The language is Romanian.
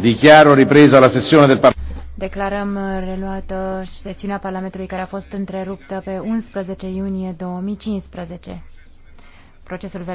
Dichiaro ripresa la sessione del Parlamento. Declarăm reluată sesiunea Parlamentului care a fost întreruptă pe 11 iunie 2015. Procesul